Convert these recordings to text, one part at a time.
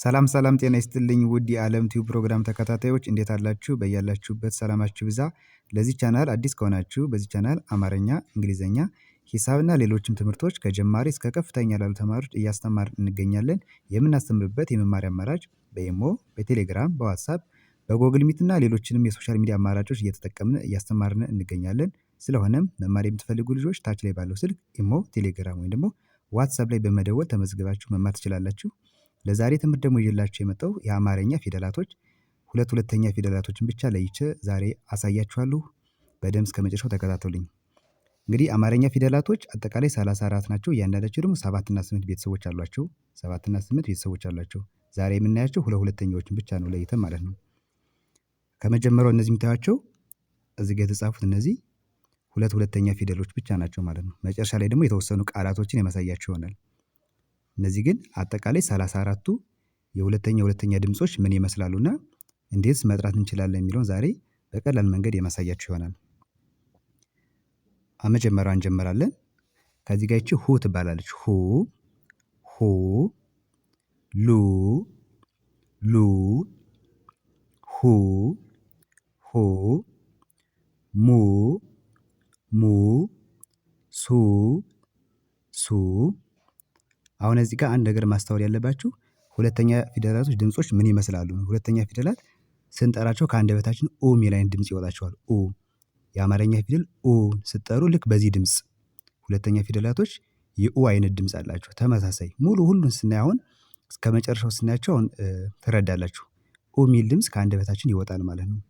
ሰላም ሰላም ጤና ይስጥልኝ ውድ የዓለም ቲዩብ ፕሮግራም ተከታታዮች እንዴት አላችሁ? በያላችሁበት ሰላማችሁ ብዛ። ለዚህ ቻናል አዲስ ከሆናችሁ በዚህ ቻናል አማርኛ፣ እንግሊዝኛ፣ ሂሳብና ሌሎችም ትምህርቶች ከጀማሪ እስከ ከፍተኛ ላሉ ተማሪዎች እያስተማር እንገኛለን። የምናስተምርበት የመማሪያ አማራጭ በኢሞ፣ በቴሌግራም፣ በዋትሳፕ፣ በጎግል ሚትና ሌሎችንም የሶሻል ሚዲያ አማራጮች እየተጠቀምን እያስተማርን እንገኛለን። ስለሆነም መማር የምትፈልጉ ልጆች ታች ላይ ባለው ስልክ ኢሞ፣ ቴሌግራም ወይም ደግሞ ዋትሳፕ ላይ በመደወል ተመዝግባችሁ መማር ትችላላችሁ። ለዛሬ ትምህርት ደግሞ ይዤላችሁ የመጣው የአማርኛ ፊደላቶች ሁለት ሁለተኛ ፊደላቶችን ብቻ ለይቼ ዛሬ አሳያችኋለሁ። በደንብ እስከ መጨረሻው ተከታተሉኝ። እንግዲህ አማርኛ ፊደላቶች አጠቃላይ 34 ናቸው። እያንዳንዳቸው ደግሞ ሰባትና ስምንት ቤተሰቦች አሏቸው። ሰባትና ስምንት ቤተሰቦች አሏቸው። ዛሬ የምናያቸው ሁለት ሁለተኛዎችን ብቻ ነው ለይተን ማለት ነው። ከመጀመሪያው እነዚህ የምታያቸው እዚህ ጋር የተጻፉት እነዚህ ሁለት ሁለተኛ ፊደሎች ብቻ ናቸው ማለት ነው። መጨረሻ ላይ ደግሞ የተወሰኑ ቃላቶችን የማሳያቸው ይሆናል። እነዚህ ግን አጠቃላይ ሰላሳ አራቱ የሁለተኛ ሁለተኛ ድምጾች ምን ይመስላሉና እንዴትስ መጥራት እንችላለን የሚለውን ዛሬ በቀላል መንገድ የማሳያችሁ ይሆናል። አመጀመሪያ እንጀምራለን። ከዚህ ጋር ይቺ ሁ ትባላለች። ሁ ሁ ሉ ሉ ሁ ሁ ሙ ሙ ሱ ሱ አሁን እዚህ ጋር አንድ ነገር ማስተዋል ያለባችሁ ሁለተኛ ፊደላቶች ድምጾች ምን ይመስላሉ? ሁለተኛ ፊደላት ስንጠራቸው ከአንደበታችን ኡ የሚል አይነት ድምጽ ይወጣቸዋል። ኡ የአማርኛ ፊደል ኡ ስጠሩ ልክ በዚህ ድምጽ ሁለተኛ ፊደላቶች የኡ አይነት ድምጽ አላቸው። ተመሳሳይ ሙሉ ሁሉን ስናይ አሁን እስከ መጨረሻው ስናያቸው አሁን ትረዳላችሁ። ኡ የሚል ድምጽ ከአንደበታችን ይወጣል ማለት ነው።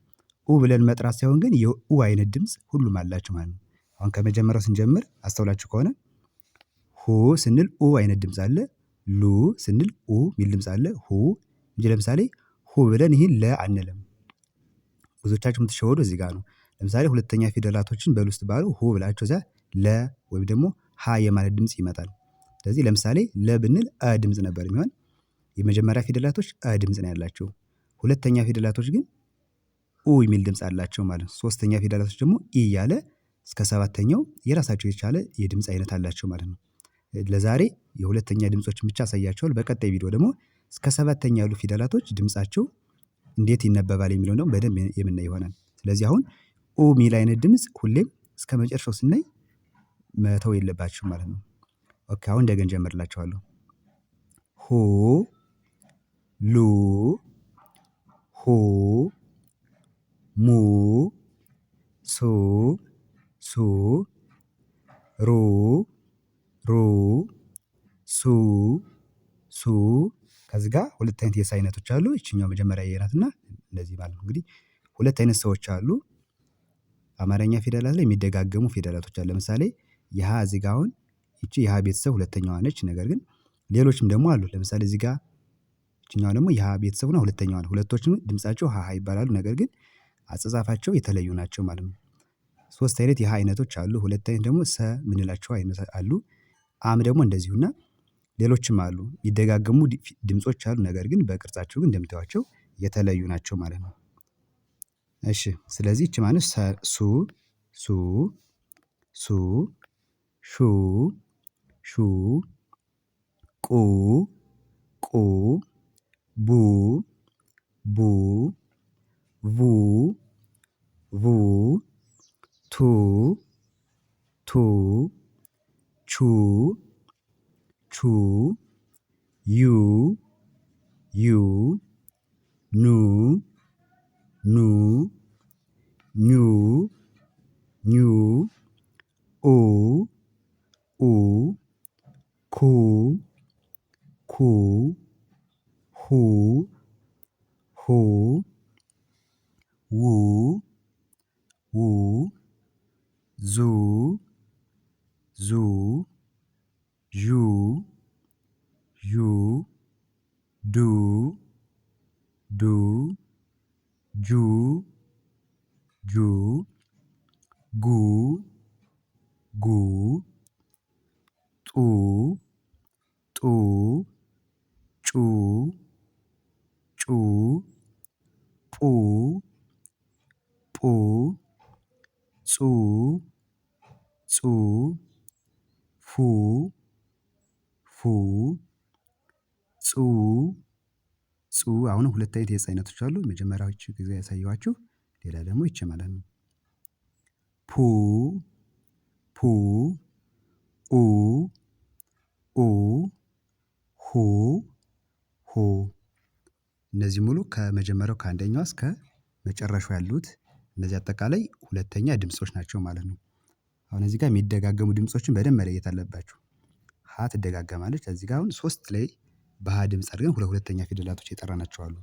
ኡ ብለን መጥራት ሳይሆን ግን የኡ አይነት ድምጽ ሁሉም አላቸው ማለት ነው። አሁን ከመጀመሪያው ስንጀምር አስተውላችሁ ከሆነ ሁ ስንል ኡ አይነት ድምጽ አለ። ሉ ስንል ኡ የሚል ድምፅ አለ። ሁ እንጂ ለምሳሌ ሁ ብለን ይህን ለ አንለም ብዙዎቻችሁ የምትሸወዱ እዚህ ጋር ነው። ለምሳሌ ሁለተኛ ፊደላቶችን በሉ ውስጥ ባሉ ሁ ብላቸው እዛ ለ ወይም ደግሞ ሀ የማለት ድምጽ ይመጣል። ስለዚህ ለምሳሌ ለ ብንል አ ድምፅ ነበር የሚሆን የመጀመሪያ ፊደላቶች አ ድምፅ ነው ያላቸው። ሁለተኛ ፊደላቶች ግን ኡ የሚል ድምጽ አላቸው ማለት ነው። ሶስተኛ ፊደላቶች ደግሞ ኢ እያለ እስከ ሰባተኛው የራሳቸው የቻለ የድምፅ አይነት አላቸው ማለት ነው ለዛሬ የሁለተኛ ድምፆችን ብቻ አሳያቸዋል። በቀጣይ ቪዲዮ ደግሞ እስከ ሰባተኛ ያሉ ፊደላቶች ድምፃቸው እንዴት ይነበባል የሚለው ደግሞ በደንብ የምናይ ይሆናል። ስለዚህ አሁን ኡ ሚል አይነት ድምፅ ሁሌም እስከ መጨረሻው ስናይ መተው የለባችሁ ማለት ነው። ኦኬ አሁን እንደገን ጀምርላቸዋለሁ ሁ ሉ ሁ ሙ ሱ ሱ ከዚህ ጋር ሁለት አይነት የሰ አይነቶች አሉ። ይቺኛው መጀመሪያ የናት እና እንደዚህ ማለት ነው። እንግዲህ ሁለት አይነት ሰዎች አሉ። አማርኛ ፊደላት ላይ የሚደጋገሙ ፊደላቶች አሉ። ለምሳሌ የሀ እዚህ ጋር አሁን ይቺ የሀ ቤተሰብ ሁለተኛዋ ነች። ነገር ግን ሌሎችም ደግሞ አሉ። ለምሳሌ እዚህ ጋር ይቺኛዋ ደግሞ የሀ ቤተሰብ ነው ሁለተኛዋ ነው። ሁለቶችም ድምጻቸው ሀሀ ይባላሉ። ነገር ግን አጸጻፋቸው የተለዩ ናቸው ማለት ነው። ሶስት አይነት የሀ አይነቶች አሉ። ሁለት አይነት ደግሞ ሰ ምንላቸው አይነት አሉ። አም ደግሞ እንደዚሁና ሌሎችም አሉ የሚደጋገሙ ድምጾች አሉ ነገር ግን በቅርጻቸው ግን እንደምታዩቸው የተለዩ ናቸው ማለት ነው። እሺ ስለዚህ ይቺ ማለት ሱ ሱ ሱ ሹ ሹ ቁ ቁ ቡ ቡ ቡ ቡ ቱ ቱ ቹ ቹ ዩ ዩ ኑ ኑ ኙ ኙ ኡ ኡ ኩ ኩ ሁ ሁ ጁ ጁ ጉ ጉ ጡ ጡ ጩ ጩ ጱ ጱ ጹ ጹ ፉ ፉ ጹ ጹ አሁን ሁለት አይነት የዕፅ አይነቶች አሉ። የመጀመሪያዎቹ ጊዜ ያሳየኋችሁ፣ ሌላ ደግሞ ይቼ ማለት ነው። ፑ ፑ ኡ ኡ ሁ ሁ እነዚህ ሙሉ ከመጀመሪያው ከአንደኛው እስከ መጨረሻው ያሉት እነዚህ አጠቃላይ ሁለተኛ ድምጾች ናቸው ማለት ነው። አሁን እዚህ ጋር የሚደጋገሙ ድምጾችን በደንብ መለየት አለባችሁ። ሀ ትደጋገማለች። እዚህ ጋር አሁን ሶስት ላይ በሀ ድምፅ አድርገን ሁለት ሁለተኛ ፊደላቶች የጠራናቸው አሉ።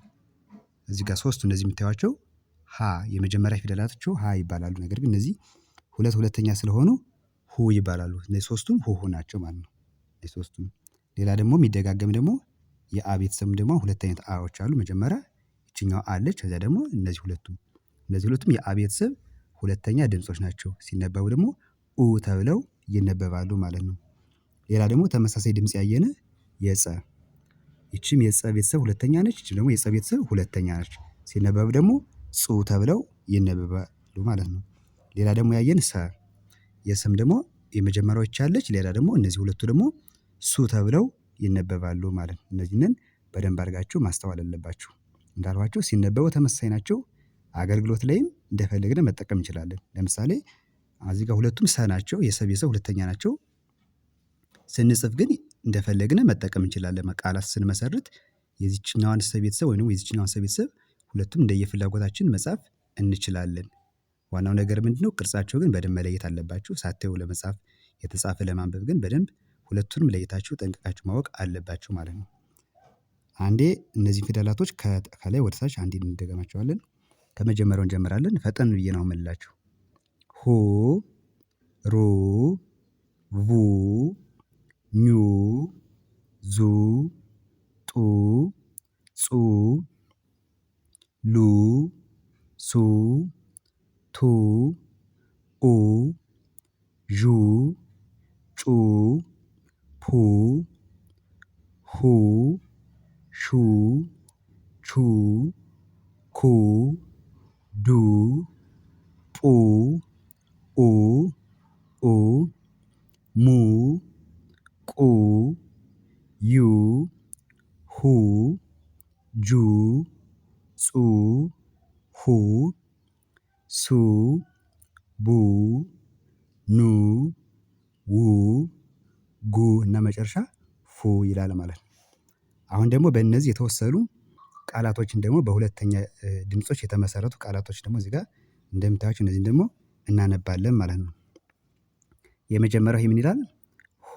እዚህ ጋር ሶስቱ እነዚህ የምታዩቸው ሀ የመጀመሪያ ፊደላቶቹ ሀ ይባላሉ። ነገር ግን እነዚህ ሁለት ሁለተኛ ስለሆኑ ሁ ይባላሉ። እነዚህ ሶስቱም ሁሁ ናቸው ማለት ነው። እነዚህ ሶስቱም ሌላ ደግሞ የሚደጋገም ደግሞ የአ ቤተሰብ ደግሞ ሁለት አይነት አዎች አሉ። መጀመሪያ ይችኛው አለች፣ ከዚያ ደግሞ እነዚህ ሁለቱም እነዚህ ሁለቱም የአ ቤተሰብ ሁለተኛ ድምጾች ናቸው። ሲነበቡ ደግሞ ኡ ተብለው ይነበባሉ ማለት ነው። ሌላ ደግሞ ተመሳሳይ ድምፅ ያየነ የጸ ይቺም የጸ ቤተሰብ ሁለተኛ ነች። ይችም ደግሞ የጸ ቤተሰብ ሁለተኛ ነች። ሲነበብ ደግሞ ጹ ተብለው ይነበባሉ ማለት ነው። ሌላ ደግሞ ያየን ሰ የስም ደግሞ የመጀመሪያዎች አለች ሌላ ደግሞ እነዚህ ሁለቱ ደግሞ ሱ ተብለው ይነበባሉ ማለት ነው። እነዚህን በደንብ አድርጋችሁ ማስተዋል አለባችሁ። እንዳልኋቸው ሲነበቡ ተመሳሳይ ናቸው። አገልግሎት ላይም እንደፈለግን መጠቀም እንችላለን። ለምሳሌ እዚህ ጋር ሁለቱም ሰ ናቸው። የሰ ቤተሰብ ሁለተኛ ናቸው። ስንጽፍ ግን እንደፈለግነ መጠቀም እንችላለን። ቃላት ስንመሰርት የዚችኛዋን ሰ ቤተሰብ ወይም የዚችኛዋን ሰ ቤተሰብ ሁለቱም እንደየፍላጎታችን መጻፍ እንችላለን። ዋናው ነገር ምንድነው? ቅርጻቸው ግን በደንብ መለየት አለባችሁ። ሳታዩ ለመጻፍ የተጻፈ ለማንበብ ግን በደንብ ሁለቱንም ለየታችሁ ጠንቅቃችሁ ማወቅ አለባችሁ ማለት ነው። አንዴ እነዚህን ፊደላቶች ከላይ ወደ ታች አንዴ እንደገማቸዋለን። ከመጀመሪያው እንጀምራለን። ፈጠን ብዬ ነው የምላችሁ። ሁ ሩ ቡ ኙ ዙ ጡ ጹ ሉ ሱ ቱ ኡ ዡ ጩ ፑ ሁ ሹ ቹ ኩ ዱ ጡ ፉ ይላል ማለት ነው። አሁን ደግሞ በእነዚህ የተወሰኑ ቃላቶችን ደግሞ በሁለተኛ ድምጾች የተመሰረቱ ቃላቶች ደግሞ እዚህ ጋር እንደምታዩቸው እነዚህን ደግሞ እናነባለን ማለት ነው። የመጀመሪያው ይህ ምን ይላል? ሁ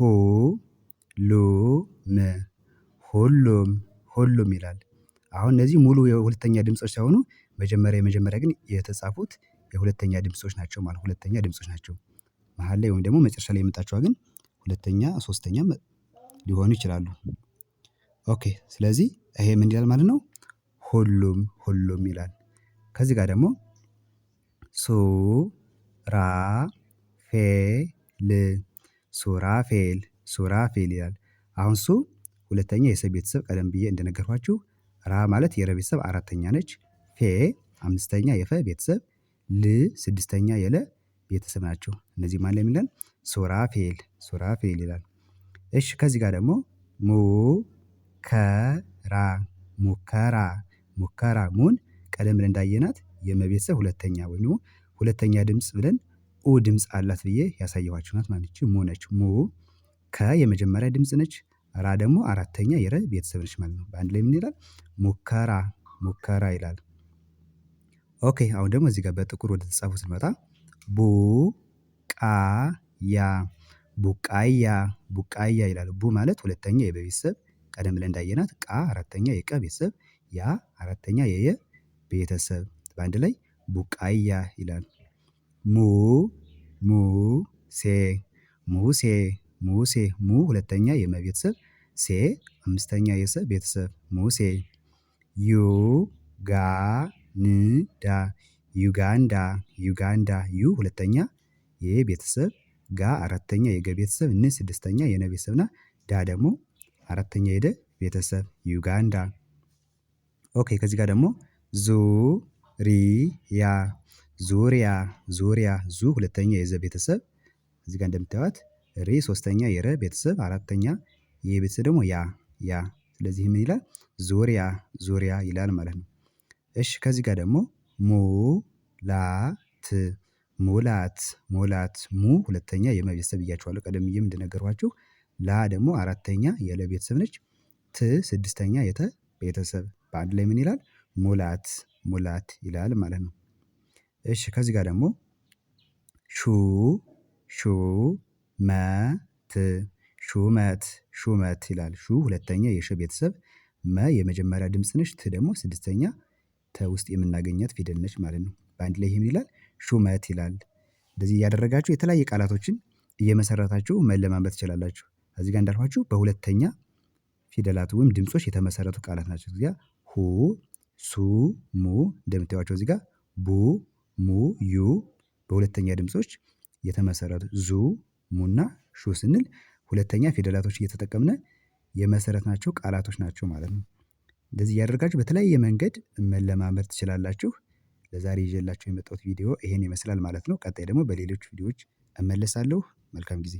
ሉ ም ሁሉም ሁሉም ይላል። አሁን እነዚህ ሙሉ የሁለተኛ ድምጾች ሳይሆኑ መጀመሪያ የመጀመሪያ ግን የተጻፉት የሁለተኛ ድምጾች ናቸው ማለት ሁለተኛ ድምፆች ናቸው። መሀል ላይ ወይም ደግሞ መጨረሻ ላይ የመጣችዋ ግን ሁለተኛ ሶስተኛ ሊሆኑ ይችላሉ። ኦኬ ስለዚህ ይሄ ምን ይላል ማለት ነው? ሁሉም ሁሉም ይላል። ከዚህ ጋር ደግሞ ሱ ራ ፌ ል ሱራፌል ሱራፌል ይላል። አሁን ሱ ሁለተኛ የሰ ቤተሰብ ቀደም ብዬ እንደነገርኳችሁ ራ ማለት የረ ቤተሰብ አራተኛ ነች። ፌ አምስተኛ የፈ ቤተሰብ፣ ል ስድስተኛ የለ ቤተሰብ ናቸው። እነዚህ ማለት ምን ይላል? ሱራፌል ሱራፌል ይላል። እሺ ከዚህ ጋር ደግሞ ሙ ከራ ሙከራ ሙከራ ሙን ቀደም ብለን እንዳየናት የመቤተሰብ ሁለተኛ ወይም ደግሞ ሁለተኛ ድምፅ ብለን ኡ ድምፅ አላት ብዬ ያሳየኋችሁ ናት ማለት ሙ ነች። ሙ ከ የመጀመሪያ ድምፅ ነች። ራ ደግሞ አራተኛ የረ ቤተሰብ ነች ማለት ነው። በአንድ ላይ ምን ይላል? ሙከራ ሙከራ ይላል። ኦኬ አሁን ደግሞ እዚህ ጋር በጥቁር ወደ ተጻፉ ስንመጣ ቡ ቃ ያ ቡቃያ ቡቃያ ይላል። ቡ ማለት ሁለተኛ የበ ቤተሰብ ቀደም ብለን እንዳየናት ቃ አራተኛ የቀ ቤተሰብ ያ አራተኛ የየ ቤተሰብ በአንድ ላይ ቡቃያ ይላል። ሙ ሙ ሴ ሙሴ ሙሴ ሙ ሁለተኛ የመ ቤተሰብ ሴ አምስተኛ የሰ ቤተሰብ ሙሴ ዩ ጋ ን ዳ ዩጋንዳ ዩጋንዳ ዩ ሁለተኛ የቤተሰብ ጋ አራተኛ የገ ቤተሰብ ን ስድስተኛ የነ ቤተሰብና ዳ ደግሞ አራተኛ የደ ቤተሰብ ዩጋንዳ። ኦኬ ከዚህ ጋር ደግሞ ዙ ሪ ያ ዙሪያ ዙሪያ ዙ ሁለተኛ የዘ ቤተሰብ እዚህ ጋር እንደምታዩት ሪ ሶስተኛ የረ ቤተሰብ አራተኛ ይህ ቤተሰብ ደግሞ ያ ያ። ስለዚህ ምን ይላል? ዙሪያ ዙሪያ ይላል ማለት ነው። እሺ ከዚህ ጋር ደግሞ ሙላት ሞላት ሞላት ሙ ሁለተኛ የመ ቤተሰብ ብያችኋለሁ ቀደም ብዬም ላ ደግሞ አራተኛ የለ ቤተሰብ ነች። ት ስድስተኛ የተ ቤተሰብ በአንድ ላይ ምን ይላል ሙላት ሙላት ይላል ማለት ነው። እሺ ከዚህ ጋር ደግሞ ሹ ሹ መ ት ሹመት ሹመት ይላል ሹ ሁለተኛ የሸ ቤተሰብ መ የመጀመሪያ ድምጽ ነች። ት ደግሞ ስድስተኛ ተ ውስጥ የምናገኛት ፊደል ነች ማለት ነው። በአንድ ላይ ይሄ ምን ይላል ሹመት ይላል እንደዚህ እያደረጋችሁ የተለያየ ቃላቶችን እየመሰረታችሁ መለማመድ ትችላላችሁ። እዚህ ጋር እንዳልኳችሁ በሁለተኛ ፊደላት ወይም ድምጾች የተመሰረቱ ቃላት ናቸው። እዚጋ ሁ፣ ሱ፣ ሙ እንደምታዩቸው እዚጋ ቡ፣ ሙ፣ ዩ በሁለተኛ ድምፆች የተመሰረቱ ዙ፣ ሙና ሹ ስንል ሁለተኛ ፊደላቶች እየተጠቀምነ ናቸው ቃላቶች ናቸው ማለት ነው። እንደዚህ እያደረጋችሁ በተለያየ መንገድ መለማመድ ትችላላችሁ። ለዛሬ ይዤላችሁ የመጣሁት ቪዲዮ ይሄን ይመስላል ማለት ነው። ቀጣይ ደግሞ በሌሎች ቪዲዮዎች እመለሳለሁ። መልካም ጊዜ